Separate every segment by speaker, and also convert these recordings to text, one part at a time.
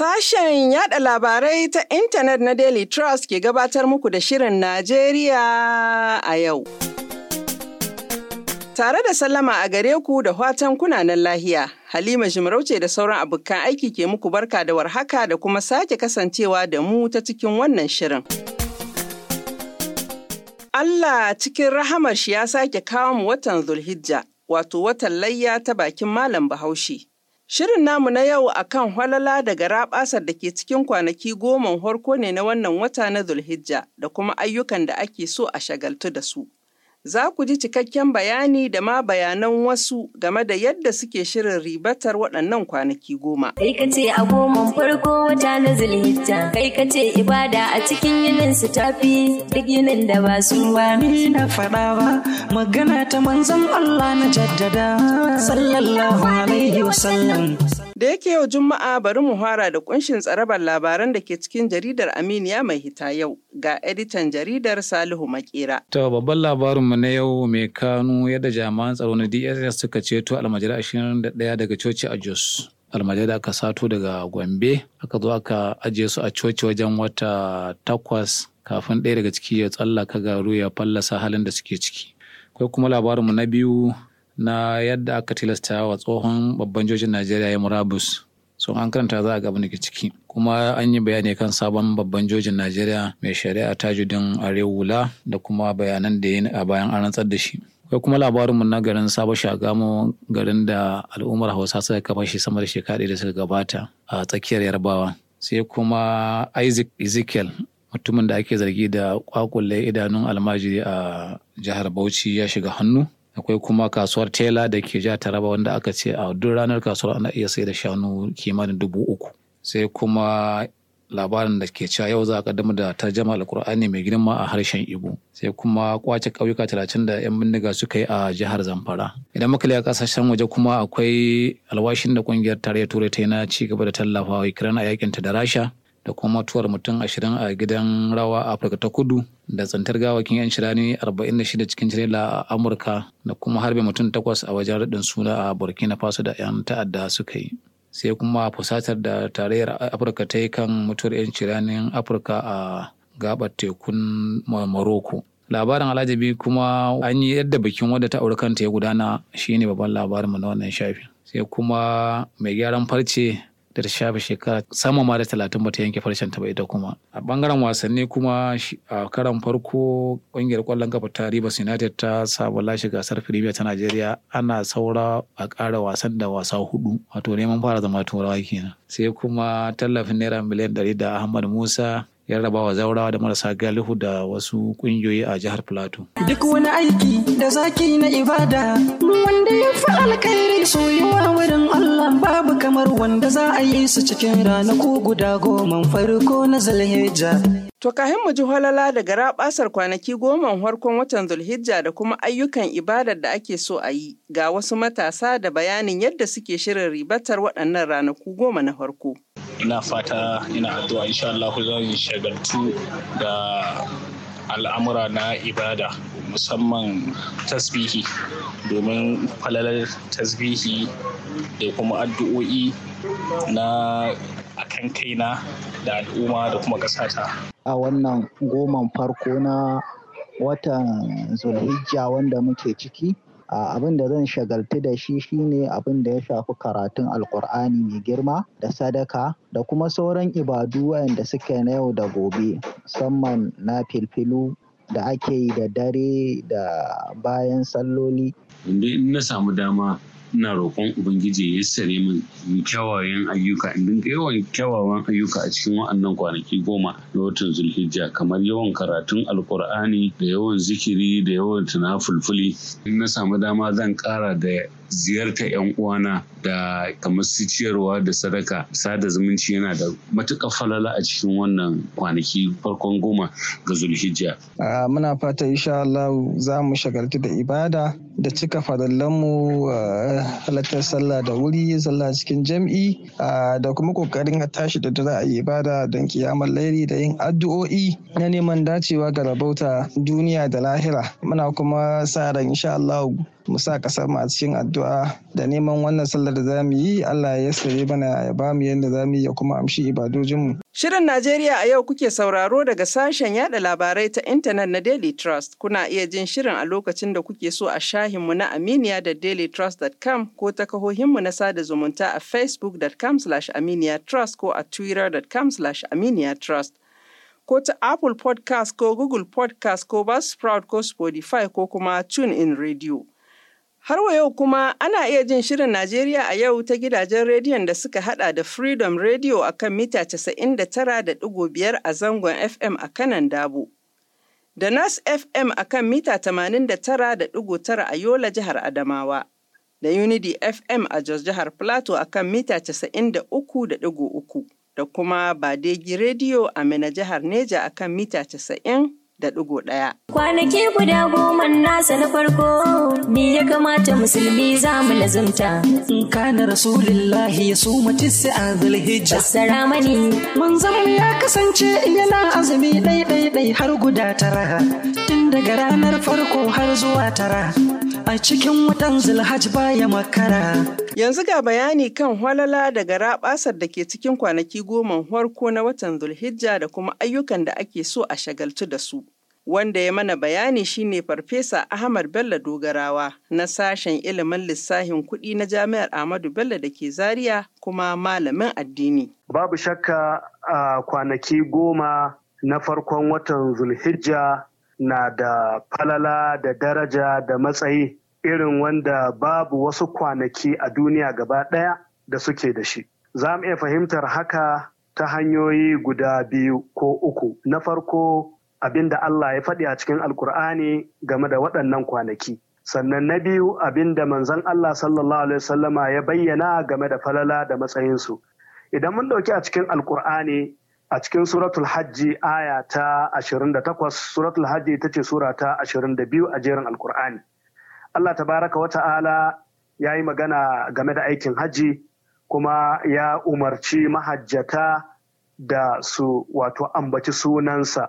Speaker 1: Sashen yada labarai ta intanet na Daily Trust ke gabatar muku da Shirin Najeriya a yau. Tare da sallama a gare ku da watan kunanan lahiya, Halima Jimarauce da sauran abokan aiki ke muku barka da warhaka da kuma sake kasancewa da mu ta cikin wannan shirin. Allah cikin rahamar shi ya sake kawo mu watan Zulhijja, wato watan layya ta bakin Malam Bahaushe. Shirin namu na yau a kan halala da garaɓasar da ke cikin kwanaki goman harko ne na wannan wata na Zulhijja da kuma ayyukan da ake so a shagaltu da su. Za ku ji cikakken bayani da ma bayanan wasu game da yadda suke shirin ribatar waɗannan kwanaki goma. Kai ka ce a goma farko wata na zulhijja, kai ka ce ibada a cikin yinin su tafi duk yinin da ba su ba. Ni na faɗa ba, magana ta manzon Allah na jaddada, sallallahu alaihi wasallam. Da yake yau Juma'a bari mu fara da kunshin tsarabar labaran da ke cikin jaridar Aminiya mai hita yau ga editan jaridar Salihu Makera.
Speaker 2: To babban labarinmu na yau mai kanu yadda jami'an tsaro na DSS suka ceto almajira 21 daga coci a Jos. almajira da aka sato daga Gombe aka zo aka ajiye su a coci wajen wata takwas kafin ɗaya daga ciki ya tsallaka garu ya fallasa halin da suke ciki. Kai kuma labarinmu na biyu na yadda aka tilasta wa tsohon babban jojin Najeriya ya murabus. sun an karanta za a gaba da ciki kuma an yi bayani kan sabon babban jojin najeriya mai shari'a tajudin arewula da kuma bayanan da yi a bayan an rantsar da shi kai kuma labarinmu na garin sabo shagamo garin da al'ummar hausa suka kafa shi sama da shekaru da suka gabata a tsakiyar yarbawa sai kuma isaac ezekiel mutumin da ake zargi da kwakulle idanun almajiri a jihar bauchi ya shiga hannu akwai kuma kasuwar tela da ke ja taraba wanda aka ce a duk ranar kasuwar ana iya sai da shanu kimanin dubu uku sai kuma labarin da ke cewa yau za a kaddamar da tarjama alkur'ani mai girma a harshen ibo sai kuma kwace ƙauyuka talatin da 'yan bindiga suka yi a jihar zamfara idan muka liya kasashen waje kuma akwai alwashin da kungiyar tarayyar turai ta yi na ci gaba da tallafawa ukraine a yakin ta da rasha da kuma mutuwar mutum ashirin a gidan rawa a afirka ta kudu da tsantar gawakin 'yan shirani 46 cikin tirela a amurka da kuma harbe mutum takwas a wajen raɗin suna a burkina faso da 'yan ta'adda suka yi sai kuma fusatar da tarayyar afirka ta yi kan mutuwar 'yan shiranin afirka a gabar tekun Maroko. labarin alajabi kuma an yi yadda bikin wanda ta auri kanta ya gudana shine babban labarinmu na wannan shafin sai kuma mai gyaran farce da ta shafe shekara sama ma da talatin bata yanke farshen ta ba ita kuma a bangaren wasanni kuma a karan farko kungiyar kwallon kafa ta riba United ta samu lashe gasar Premier ta Najeriya ana saura a kara wasan da wasa hudu wato neman fara zama turawa kenan sai kuma tallafin naira miliyan ɗari da Ahmad Musa ya raba wa zaurawa da marasa galihu da wasu kungiyoyi a jihar Plateau.
Speaker 1: Duk wani aiki da zaki na ibada, wanda ya alkhairi soyuwa wurin Allah babu kamar wanda za a yi su cikin ranaku guda goman farko na zalhijja. To kahin mu ji halala daga rabasar kwanaki goman farkon watan Zulhijja da kuma ayyukan ibadar da ake so a yi ga wasu matasa da bayanin yadda suke shirin ribatar waɗannan ranaku goma na farko.
Speaker 2: Ina fata ina addu'a insha Allah za shagaltu da al'amura na ibada musamman
Speaker 3: tasbihi domin falalar tasbihi da kuma addu'o'i na akan kaina da al'umma da kuma ƙasata.
Speaker 2: A wannan goman farko na watan Zulhijja
Speaker 3: wanda muke ciki Abin da zan shagaltu da shi shine abin da ya shafi karatun Alkur'ani mai girma da sadaka da kuma sauran ibadu waɗanda suke na yau da gobe, musamman na filfilu da ake yi da dare da bayan salloli. Indai in na samu dama ina roƙon ubangiji ya sare min kyawawan ayyuka in yawan kyawawan ayyuka a cikin wa'annan kwanaki goma na watan zulhijja kamar yawan karatun alkur'ani da yawan zikiri da yawan tunafulfuli in na samu dama zan ƙara da Ziyarta 'yan uwana da kamar su ciyarwa da sadaka sada zumunci yana da matuƙar falala a cikin wannan kwanaki farkon goma ga zulhijja.
Speaker 1: muna fata insha Allah za mu shagaltu da ibada da cika fadallanmu halattar sallah da wuri sallah cikin jam'i da kuma kokarin a tashi da dare a ibada don kiyamar lairi da yin addu'o'i na neman dacewa ga rabauta duniya da lahira muna kuma sa ran insha Allah mu sa ƙasar mu a cikin addu'a da neman wannan sallar da zamu yi Allah ya sare mana ya ba mu yadda zamu yi ya kuma amshi ibadojin Shirin Najeriya a yau kuke sauraro daga sashen yada labarai ta intanet na Daily Trust kuna iya jin shirin a lokacin da kuke so a shahin mu na Aminiya da dailytrust.com ko ta kahohin mu na sada zumunta a facebook.com/aminiya_trust ko a twitter.com/aminiya_trust. ko ta Apple podcast ko Google podcast ko Buzzsprout ko Spotify ko kuma TuneIn Radio. Har wa yau kuma ana iya jin shirin Najeriya a yau ta gidajen rediyon da suka hada da Freedom Radio a kan mita 99.5 a zangon FM a kanan Dabo. Da Nas FM a kan mita 89.9 a Yola jihar Adamawa. Da Unity FM a Jos jihar Plateau a kan mita 93.3. Da kuma Badegi Radio a Mina jihar Neja a kan mita 90. da ɗigo ɗaya. Kwanaki guda goma nasa na farko, ni ya kamata musulmi za mu lazumta. In kana Rasulullahi ya suma tisi a hijja. Fassara mani. ya kasance yana azumi ɗai ɗai ɗai har guda tara, tun daga ranar farko har zuwa tara. a cikin watan zulhaj baya makara. Yanzu ga bayani kan halala daga rabasar da ke cikin kwanaki goma farko na watan zulhijja da kuma ayyukan da ake so a shagaltu da su. Wanda ya mana bayani shine Farfesa Ahmad Bello Dogarawa na sashen ilimin lissahin kuɗi na Jami'ar Ahmadu Bello da ke Zaria kuma malamin
Speaker 3: addini. Babu shakka a uh, kwanaki goma na farkon watan Zulhijja na da falala da daraja da matsayi irin wanda babu wasu kwanaki a duniya gaba ɗaya da suke da shi. Za mu iya fahimtar haka ta hanyoyi guda biyu ko uku. Na farko abin da Allah ya faɗi a cikin Alkur'ani game da waɗannan kwanaki. Sannan na biyu abin da manzon Allah sallallahu Alaihi wasallama ya bayyana game da falala da matsayinsu. Idan mun ɗauki a cikin Alkur'ani a cikin suratul hajji aya ta 28 suratul hajji ita ce sura ta 22 a jerin Alkur'ani. Allah tabaraka wa ta'ala ya yi magana game da aikin hajji kuma ya umarci mahajjata da su wato ambaci sunansa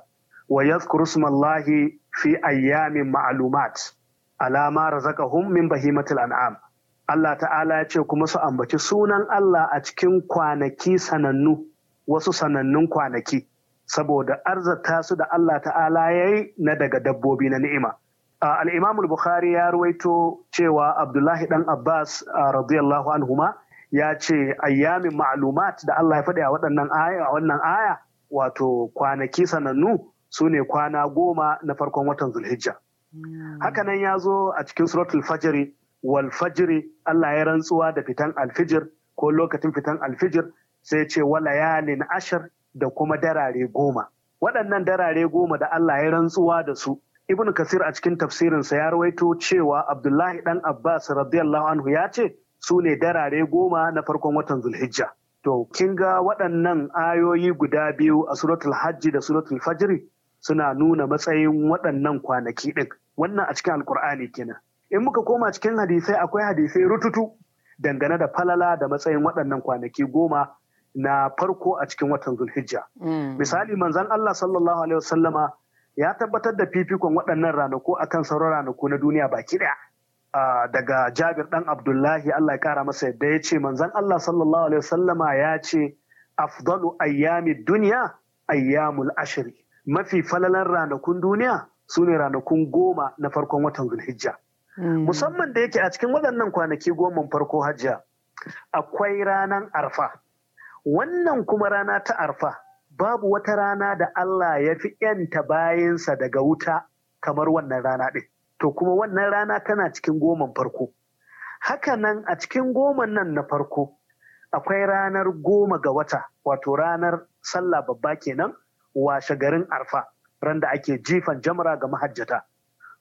Speaker 3: wa yadhkurusmallahi fi ayyamin ma'lumat alama razaqahum min bahimatil an'am Allah ta'ala ya ce kuma su ambaci sunan Allah a cikin kwanaki sanannu wasu sanannun kwanaki saboda arzata su da Allah ta'ala ya yi na daga dabbobi na ni'ima al Imamul al-Bukhari ya ruwaito cewa Abdullahi dan Abbas radiyallahu anhuma ya ce ayyamin ma'alumat da Allah ya faɗi a waɗannan aya wannan aya wato kwanaki sanannu su ne kwana goma na farkon watan Zulhijja. Hakanan ya zo a cikin suratul fajiri wal fajiri Allah ya rantsuwa da fitan alfijir ko lokacin fitan alfijir sai ce walayalin ashir da kuma darare goma. Waɗannan darare goma da Allah ya rantsuwa da su ibn kasir a cikin tafsirinsa ya rawaito cewa abdullahi dan abbas radiyallahu anhu ya ce su ne darare goma na farkon watan zulhijja to kin ga waɗannan ayoyi guda biyu a suratul hajji da suratul fajri suna nuna matsayin waɗannan kwanaki ɗin wannan a cikin alkur'ani kenan in muka koma cikin hadisai akwai hadisai rututu dangane da falala da matsayin waɗannan kwanaki goma na farko a cikin watan zulhijja mm. misali manzon allah sallallahu alaihi wasallama ya tabbatar da fifikon waɗannan ranaku a kan sauran ranaku na duniya baki ɗaya. Ah, daga Jabir ɗan Abdullahi Allah ya kara masa yadda ya ce manzan Allah sallallahu alaihi wasallama ya ce afdalu ayyami duniya ayyamul ashiri mafi falalan ranakun duniya su ne ranakun goma na farkon watan zulhijja. Hmm. Musamman da yake a cikin waɗannan kwanaki goma farko hajja akwai ranan arfa. Wannan kuma rana ta arfa babu wata rana da Allah ya fi ‘yanta bayansa daga wuta kamar wannan rana ɗin. To kuma wannan rana tana cikin goman farko. Haka nan a cikin goman nan na farko akwai ranar goma ga wata wato ranar sallah babba kenan washe garin arfa ran da ake jifan jamra ga mahajjata.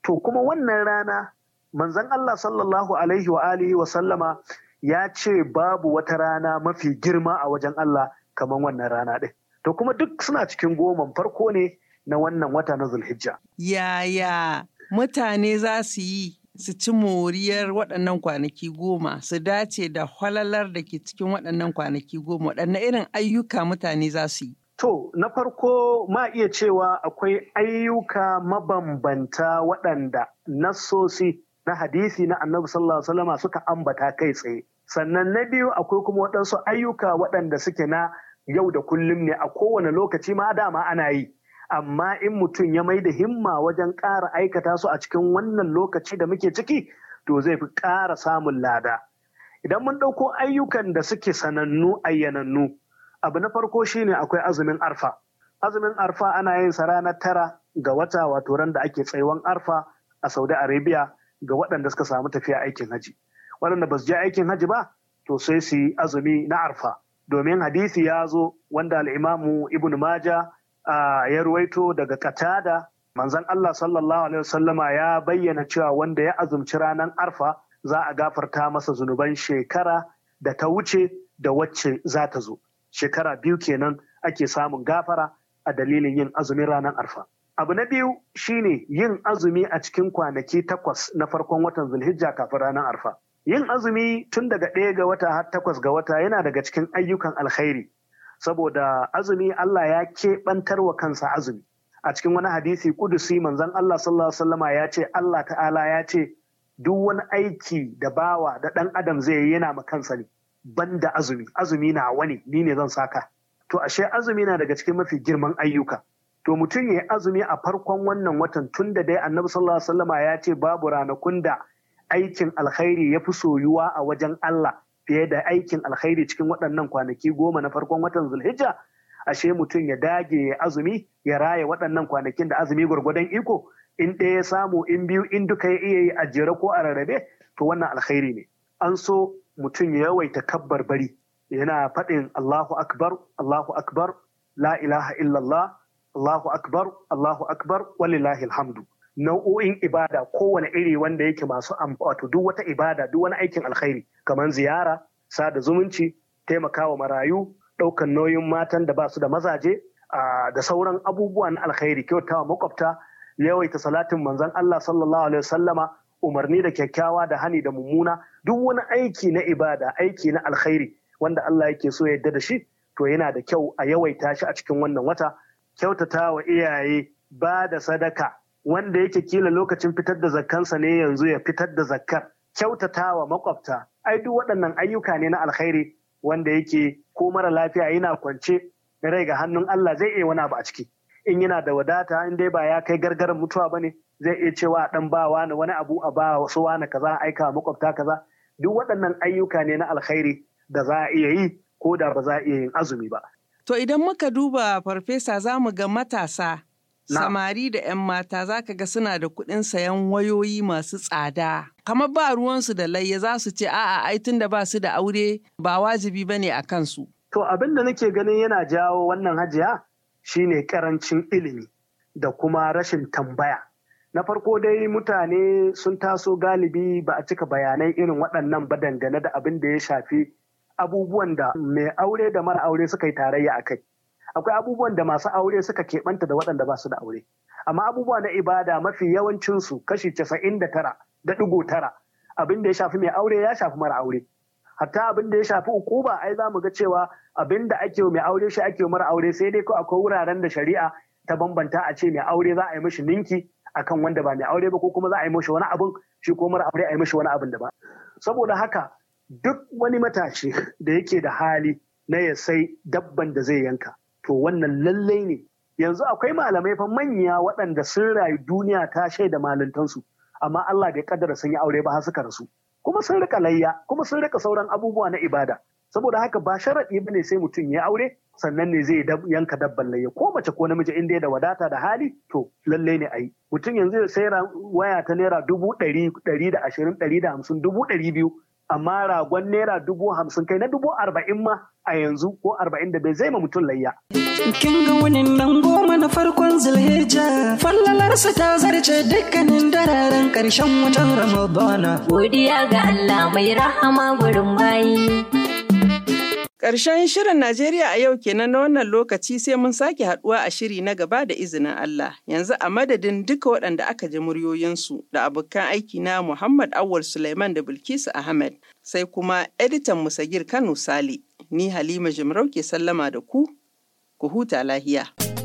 Speaker 3: To kuma wannan rana manzon Allah sallallahu alaihi wa wa sallama ya ce babu wata rana mafi girma a wajen Allah kamar wannan rana ɗin. to kuma duk suna cikin goman farko ne na wannan wata na zulhijja
Speaker 1: yaya mutane za su yi su ci moriyar waɗannan kwanaki goma su dace da halalar da ke cikin waɗannan kwanaki goma waɗanne irin ayyuka mutane za su yi
Speaker 3: To, na farko ma iya cewa akwai ayyuka mabambanta waɗanda Sosi, na hadisi na annabi sallallahu alaihi suka ambata kai tsaye. Sannan na biyu akwai kuma waɗansu ayyuka waɗanda suke na yau da kullum ne a kowane lokaci ma dama ana yi amma in mutum ya mai da himma wajen ƙara aikata su a cikin wannan lokaci da muke ciki to zai fi ƙara samun lada idan mun ɗauko ayyukan da suke sanannu ayyanannu abu na farko shine akwai azumin arfa azumin arfa ana yin sa ranar tara ga wata wato ran da ake tsayuwan arfa a saudi arabia ga waɗanda suka samu tafiya aikin haji waɗanda ba su je aikin haji ba to sai su yi azumi na arfa domin hadisi ya zo wanda al'imamu ibn maja ya ruwaito daga katada manzan Allah sallallahu alaihi wasallama ya bayyana cewa wanda ya azumci ranar arfa za a gafarta masa zunuban shekara da ta wuce da wacce za ta zo shekara biyu kenan ake samun gafara a dalilin yin azumin ranar arfa abu na biyu shine yin azumi a cikin kwanaki takwas na farkon watan zulhijja kafin ranar arfa Yin azumi tun daga ɗaya ga wata har takwas ga wata yana daga cikin ayyukan alkhairi, saboda azumi Allah ya keɓantar wa kansa azumi. A cikin wani hadisi kudusi manzan Allah sallallahu Alaihi ya ce Allah ta'ala ya ce duk wani aiki da bawa da ɗan adam zai yi yana ma kansa ne banda azumi azumi na wani ni ne zan saka to ashe azumi na daga cikin mafi girman ayyuka to mutum ya yi azumi a farkon wannan watan tun da dai annabi sallallahu alaihi wasallama ya ce babu ranakun da aikin alkhairi ya fi soyuwa a wajen Allah fiye da aikin alkhairi cikin waɗannan kwanaki goma na farkon watan zulhijja ashe mutum ya dage ya azumi ya raya waɗannan kwanakin da azumi gwargwadon iko in ɗaya ya samu in biyu in duka ya iya yi a jere ko a rarrabe to wannan alkhairi ne an so mutum ya yawaita kabbar bari yana faɗin Allahu akbar Allahu akbar la ilaha illallah Allahu akbar Allahu akbar walillahi alhamdu nau'o'in ibada kowane iri wanda yake masu wato duk wata ibada duk wani aikin alkhairi kamar ziyara sada zumunci taimakawa marayu ɗaukan nauyin matan da ba su da mazaje da sauran abubuwa na alkhairi kyautawa makwabta yawaita salatin manzon Allah sallallahu alaihi wasallama umarni da kyakkyawa da hani da mummuna duk wani aiki na ibada aiki na alkhairi wanda Allah yake so ya yadda da shi to yana da kyau a yawaita shi a cikin wannan wata kyautatawa iyaye ba da sadaka wanda yake kila lokacin fitar da zakkansa ne yanzu ya fitar da zakkar kyautata wa makwabta ai duk waɗannan ayyuka ne na alkhairi wanda yake ko mara lafiya yana kwance rai ga hannun Allah zai iya wani abu a ciki in yana da wadata in dai ba ya kai gargaran mutuwa bane zai iya cewa dan ba wani wani abu a ba wasu wani kaza aika makwabta kaza duk waɗannan ayyuka ne na alkhairi da za a iya yi ko da ba za a iya yin azumi ba
Speaker 1: to idan muka duba farfesa za mu ga matasa samari da 'yan mata za ka ga suna da kuɗin sayan wayoyi masu tsada. Kamar ba ruwansu da layya za su ce a'a ai tun da ba su da aure ba wajibi ba ne a kansu.
Speaker 3: To abin da nake ganin yana jawo wannan hajiya shine karancin ilimi da kuma rashin tambaya. Na farko dai mutane sun taso galibi ba a cika bayanai irin waɗannan ba dangane da abin da ya shafi abubuwan da mai aure da mara aure suka yi tarayya a kai. akwai abubuwan da masu aure suka keɓanta da waɗanda ba su da aure amma abubuwa na ibada mafi yawancinsu kashi casa'in da tara da ɗigo tara abin da ya shafi mai aure ya shafi mara aure hatta abin da ya shafi ukuba ai za mu ga cewa abin da ake mai aure shi ake mara aure sai dai ko akwai wuraren da shari'a ta bambanta a ce mai aure za a yi mishi ninki akan wanda ba mai aure ba ko kuma za a yi mishi wani abin shi ko mara aure a yi mishi wani abin da ba saboda haka duk wani matashi da yake da hali na ya sai dabban da zai yanka to wannan lallai ne yanzu akwai malamai fa manya waɗanda sun rayu duniya ta shaida malintansu amma Allah bai kaddara sun yi aure ba har suka rasu kuma sun rika layya kuma sun rika sauran abubuwa na ibada saboda haka ba sharaɗi ba ne sai mutum ya aure sannan ne zai yanka dabban layya ko mace ko namiji inda ya da wadata da hali to lallai ne ayi mutum yanzu ya sai waya ta naira dubu ɗari da ashirin ɗari da hamsin dubu ɗari biyu amma ragon naira dubu hamsin kai na dubu arba'in ma a yanzu ko arba'in da bai zai ma mutum layya. Kin ga wani nan goma
Speaker 1: na farkon zilhijja fallalarsa ta zarce dukkanin dararen karshen watan Ramadana. Godiya ga Allah mai rahama gurin bayi. Ƙarshen shirin Najeriya a yau kenan na wannan lokaci sai mun sake haɗuwa a shiri na gaba da izinin Allah. Yanzu a madadin duka waɗanda aka ji muryoyinsu da abokan aiki na Muhammad Awal Suleiman da Bilkisu Ahmed sai kuma editan Musagir Kano Sale. Ni Halima Jimarau ke sallama da ku, ku huta lahiya.